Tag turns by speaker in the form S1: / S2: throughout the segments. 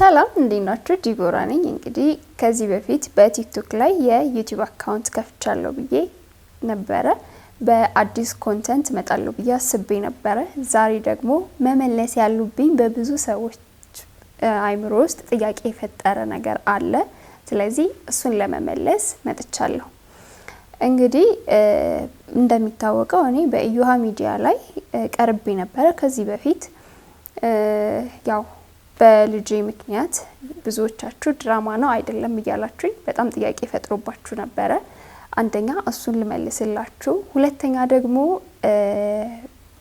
S1: ሰላም እንዴት ናችሁ? ዲቦራ ነኝ። እንግዲህ ከዚህ በፊት በቲክቶክ ላይ የዩቲዩብ አካውንት ከፍቻለሁ ብዬ ነበረ። በአዲስ ኮንተንት መጣለሁ ብዬ አስቤ ነበረ። ዛሬ ደግሞ መመለስ ያሉብኝ በብዙ ሰዎች አይምሮ ውስጥ ጥያቄ የፈጠረ ነገር አለ። ስለዚህ እሱን ለመመለስ መጥቻለሁ። እንግዲህ እንደሚታወቀው እኔ በኢዮሃ ሚዲያ ላይ ቀርቤ ነበረ ከዚህ በፊት ያው በልጄ ምክንያት ብዙዎቻችሁ ድራማ ነው አይደለም እያላችሁኝ በጣም ጥያቄ ፈጥሮባችሁ ነበረ። አንደኛ እሱን ልመልስላችሁ፣ ሁለተኛ ደግሞ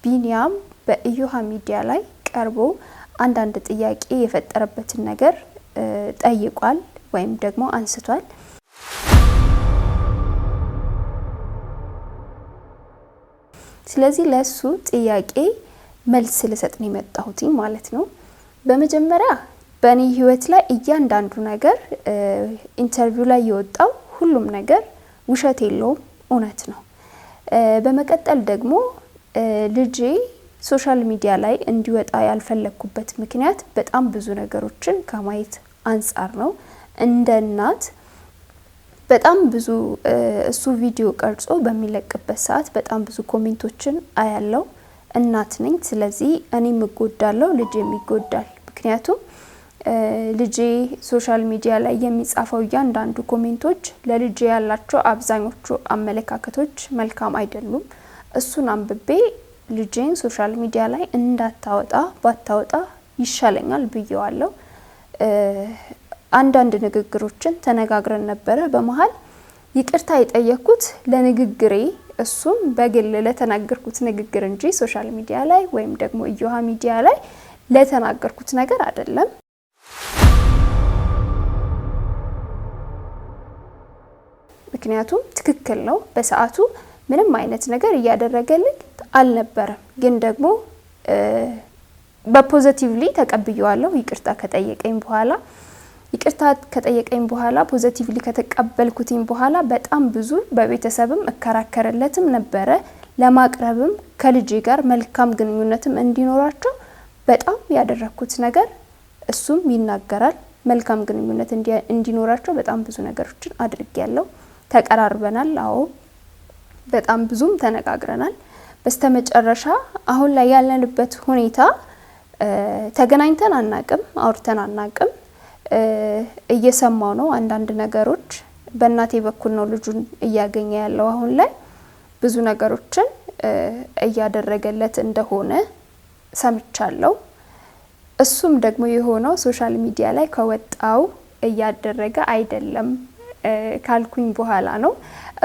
S1: ቢኒያም በኢዮሃ ሚዲያ ላይ ቀርቦ አንዳንድ ጥያቄ የፈጠረበትን ነገር ጠይቋል ወይም ደግሞ አንስቷል። ስለዚህ ለእሱ ጥያቄ መልስ ልሰጥ ነው የመጣሁትኝ ማለት ነው። በመጀመሪያ በእኔ ህይወት ላይ እያንዳንዱ ነገር ኢንተርቪው ላይ የወጣው ሁሉም ነገር ውሸት የለውም፣ እውነት ነው። በመቀጠል ደግሞ ልጄ ሶሻል ሚዲያ ላይ እንዲወጣ ያልፈለግኩበት ምክንያት በጣም ብዙ ነገሮችን ከማየት አንጻር ነው። እንደ እናት በጣም ብዙ እሱ ቪዲዮ ቀርጾ በሚለቅበት ሰዓት በጣም ብዙ ኮሜንቶችን አያለው። እናት ነኝ፣ ስለዚህ እኔም እጎዳለው፣ ልጄም ይጎዳል። ምክንያቱም ልጄ ሶሻል ሚዲያ ላይ የሚጻፈው እያንዳንዱ ኮሜንቶች ለልጄ ያላቸው አብዛኞቹ አመለካከቶች መልካም አይደሉም። እሱን አንብቤ ልጄን ሶሻል ሚዲያ ላይ እንዳታወጣ ባታወጣ ይሻለኛል ብየዋለው። አንዳንድ ንግግሮችን ተነጋግረን ነበረ። በመሀል ይቅርታ የጠየኩት ለንግግሬ እሱም በግል ለተናገርኩት ንግግር እንጂ ሶሻል ሚዲያ ላይ ወይም ደግሞ እዮሃ ሚዲያ ላይ ለተናገርኩት ነገር አይደለም። ምክንያቱም ትክክል ነው። በሰዓቱ ምንም አይነት ነገር እያደረገልኝ አልነበረም። ግን ደግሞ በፖዘቲቭሊ ተቀብየዋለሁ። ይቅርታ ከጠየቀኝ በኋላ ይቅርታ ከጠየቀኝ በኋላ ፖዘቲቭሊ ከተቀበልኩትኝ በኋላ በጣም ብዙ በቤተሰብም እከራከርለትም ነበረ ለማቅረብም ከልጄ ጋር መልካም ግንኙነትም እንዲኖራቸው በጣም ያደረግኩት ነገር እሱም ይናገራል። መልካም ግንኙነት እንዲኖራቸው በጣም ብዙ ነገሮችን አድርጌ ያለው ተቀራርበናል። አዎ በጣም ብዙም ተነጋግረናል። በስተመጨረሻ አሁን ላይ ያለንበት ሁኔታ ተገናኝተን አናቅም፣ አውርተን አናቅም። እየሰማው ነው አንዳንድ ነገሮች። በእናቴ በኩል ነው ልጁን እያገኘ ያለው አሁን ላይ ብዙ ነገሮችን እያደረገለት እንደሆነ ሰምቻለሁ። እሱም ደግሞ የሆነው ሶሻል ሚዲያ ላይ ከወጣው እያደረገ አይደለም ካልኩኝ በኋላ ነው።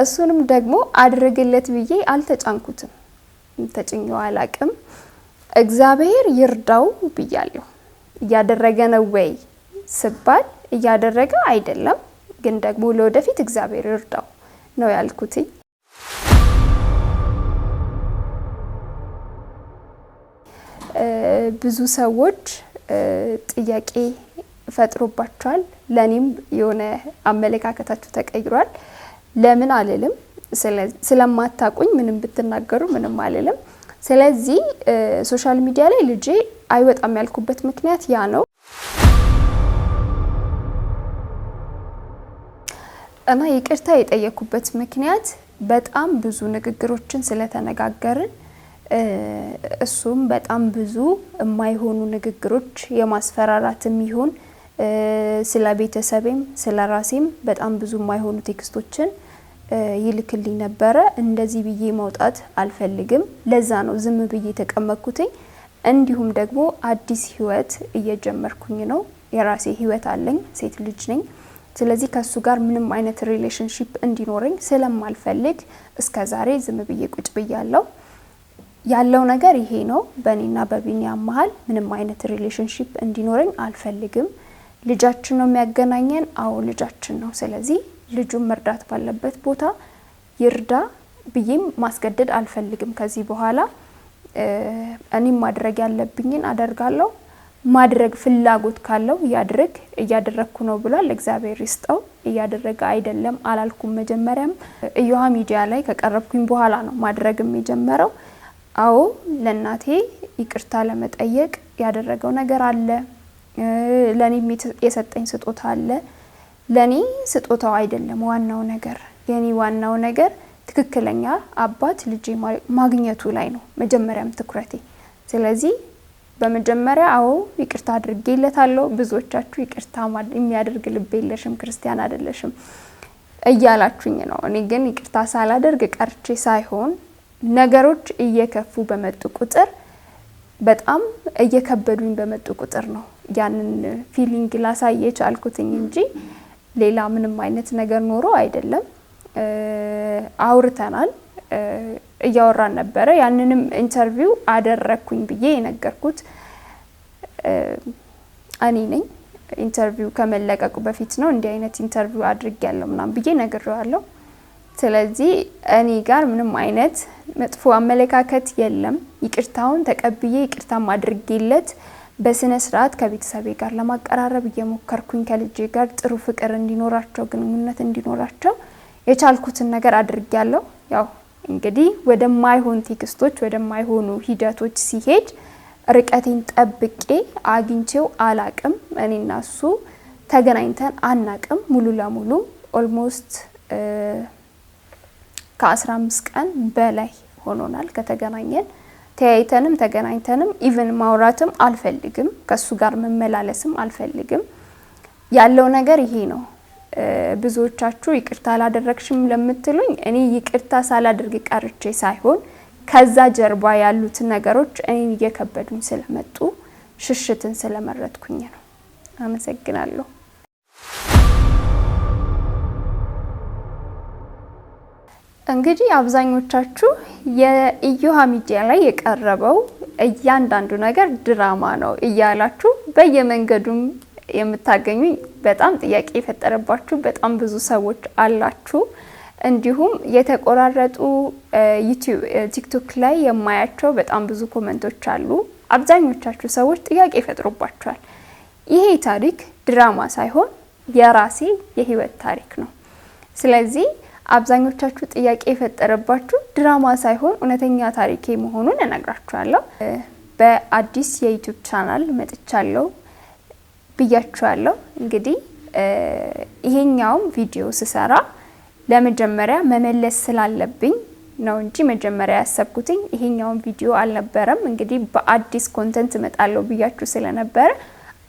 S1: እሱንም ደግሞ አድርግለት ብዬ አልተጫንኩትም፣ ተጭኘው አላቅም። እግዚአብሔር ይርዳው ብያለሁ። እያደረገ ነው ወይ ስባል እያደረገ አይደለም፣ ግን ደግሞ ለወደፊት እግዚአብሔር ይርዳው ነው ያልኩትኝ። ብዙ ሰዎች ጥያቄ ፈጥሮባቸዋል። ለእኔም የሆነ አመለካከታችሁ ተቀይሯል ለምን አልልም። ስለማታቁኝ ምንም ብትናገሩ ምንም አልልም። ስለዚህ ሶሻል ሚዲያ ላይ ልጄ አይወጣም ያልኩበት ምክንያት ያ ነው እና ይቅርታ የጠየኩበት ምክንያት በጣም ብዙ ንግግሮችን ስለተነጋገርን እሱም በጣም ብዙ የማይሆኑ ንግግሮች የማስፈራራትም ይሁን ስለ ቤተሰቤም ስለ ራሴም በጣም ብዙ የማይሆኑ ቴክስቶችን ይልክልኝ ነበረ። እንደዚህ ብዬ መውጣት አልፈልግም። ለዛ ነው ዝም ብዬ የተቀመጥኩትኝ። እንዲሁም ደግሞ አዲስ ህይወት እየጀመርኩኝ ነው። የራሴ ህይወት አለኝ። ሴት ልጅ ነኝ። ስለዚህ ከሱ ጋር ምንም አይነት ሪሌሽንሽፕ እንዲኖረኝ ስለማልፈልግ እስከ ዛሬ ዝም ብዬ ቁጭ ብያለው። ያለው ነገር ይሄ ነው። በእኔና በቢኒያም መሀል ምንም አይነት ሪሌሽንሽፕ እንዲኖረኝ አልፈልግም። ልጃችን ነው የሚያገናኘን። አዎ ልጃችን ነው። ስለዚህ ልጁን መርዳት ባለበት ቦታ ይርዳ ብዬም ማስገደድ አልፈልግም። ከዚህ በኋላ እኔም ማድረግ ያለብኝን አደርጋለሁ። ማድረግ ፍላጎት ካለው እያድረግ እያደረግኩ ነው ብሏል። እግዚአብሔር ይስጠው። እያደረገ አይደለም አላልኩም። መጀመሪያም እዮሃ ሚዲያ ላይ ከቀረብኩኝ በኋላ ነው ማድረግም የጀመረው። አዎ ለእናቴ ይቅርታ ለመጠየቅ ያደረገው ነገር አለ፣ ለእኔም የሰጠኝ ስጦታ አለ። ለእኔ ስጦታው አይደለም ዋናው ነገር፣ የኔ ዋናው ነገር ትክክለኛ አባት ልጄ ማግኘቱ ላይ ነው መጀመሪያም ትኩረቴ። ስለዚህ በመጀመሪያ አዎ ይቅርታ አድርጌለታለሁ። ብዙዎቻችሁ ይቅርታ የሚያደርግ ልብ የለሽም ክርስቲያን አይደለሽም እያላችሁኝ ነው። እኔ ግን ይቅርታ ሳላደርግ ቀርቼ ሳይሆን ነገሮች እየከፉ በመጡ ቁጥር በጣም እየከበዱኝ በመጡ ቁጥር ነው ያንን ፊሊንግ ላሳይ የቻልኩትኝ እንጂ ሌላ ምንም አይነት ነገር ኖሮ አይደለም። አውርተናል፣ እያወራን ነበረ። ያንንም ኢንተርቪው አደረግኩኝ ብዬ የነገርኩት እኔ ነኝ። ኢንተርቪው ከመለቀቁ በፊት ነው እንዲህ አይነት ኢንተርቪው አድርጌያለሁ ምናምን ብዬ ነግሬዋለሁ። ስለዚህ እኔ ጋር ምንም አይነት መጥፎ አመለካከት የለም። ይቅርታውን ተቀብዬ ይቅርታም አድርጌለት በስነ ስርዓት ከቤተሰቤ ጋር ለማቀራረብ እየሞከርኩኝ ከልጄ ጋር ጥሩ ፍቅር እንዲኖራቸው ግንኙነት እንዲኖራቸው የቻልኩትን ነገር አድርጊያለሁ። ያው እንግዲህ ወደማይሆን ቴክስቶች ወደማይሆኑ ሂደቶች ሲሄድ ርቀቴን ጠብቄ አግኝቼው አላቅም። እኔና እሱ ተገናኝተን አናቅም ሙሉ ለሙሉ ኦልሞስት ከ15 ቀን በላይ ሆኖናል ከተገናኘን። ተያይተንም ተገናኝተንም ኢቭን ማውራትም አልፈልግም፣ ከሱ ጋር መመላለስም አልፈልግም። ያለው ነገር ይሄ ነው። ብዙዎቻችሁ ይቅርታ አላደረግሽም ለምትሉኝ እኔ ይቅርታ ሳላደርግ ቀርቼ ሳይሆን ከዛ ጀርባ ያሉት ነገሮች እኔን እየከበዱኝ ስለመጡ ሽሽትን ስለመረጥኩኝ ነው። አመሰግናለሁ። እንግዲህ አብዛኞቻችሁ የኢዮሃ ሚዲያ ላይ የቀረበው እያንዳንዱ ነገር ድራማ ነው እያላችሁ በየመንገዱም የምታገኙኝ በጣም ጥያቄ የፈጠረባችሁ በጣም ብዙ ሰዎች አላችሁ። እንዲሁም የተቆራረጡ ቲክቶክ ላይ የማያቸው በጣም ብዙ ኮመንቶች አሉ። አብዛኞቻችሁ ሰዎች ጥያቄ ይፈጥሩባቸዋል። ይሄ ታሪክ ድራማ ሳይሆን የራሴ የህይወት ታሪክ ነው። ስለዚህ አብዛኞቻችሁ ጥያቄ የፈጠረባችሁ ድራማ ሳይሆን እውነተኛ ታሪኬ መሆኑን እነግራችኋለሁ። በአዲስ የዩቱብ ቻናል መጥቻለሁ ብያችኋለሁ። እንግዲህ ይሄኛውም ቪዲዮ ስሰራ ለመጀመሪያ መመለስ ስላለብኝ ነው እንጂ መጀመሪያ ያሰብኩትኝ ይሄኛውን ቪዲዮ አልነበረም። እንግዲህ በአዲስ ኮንተንት እመጣለሁ ብያችሁ ስለነበረ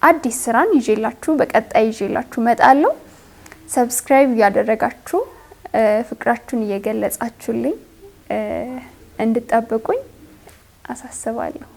S1: አዲስ ስራን ይዤላችሁ በቀጣይ ይዤላችሁ እመጣለሁ። ሰብስክራይብ ያደረጋችሁ ፍቅራችሁን እየገለጻችሁልኝ እንድጠብቁኝ አሳስባለሁ።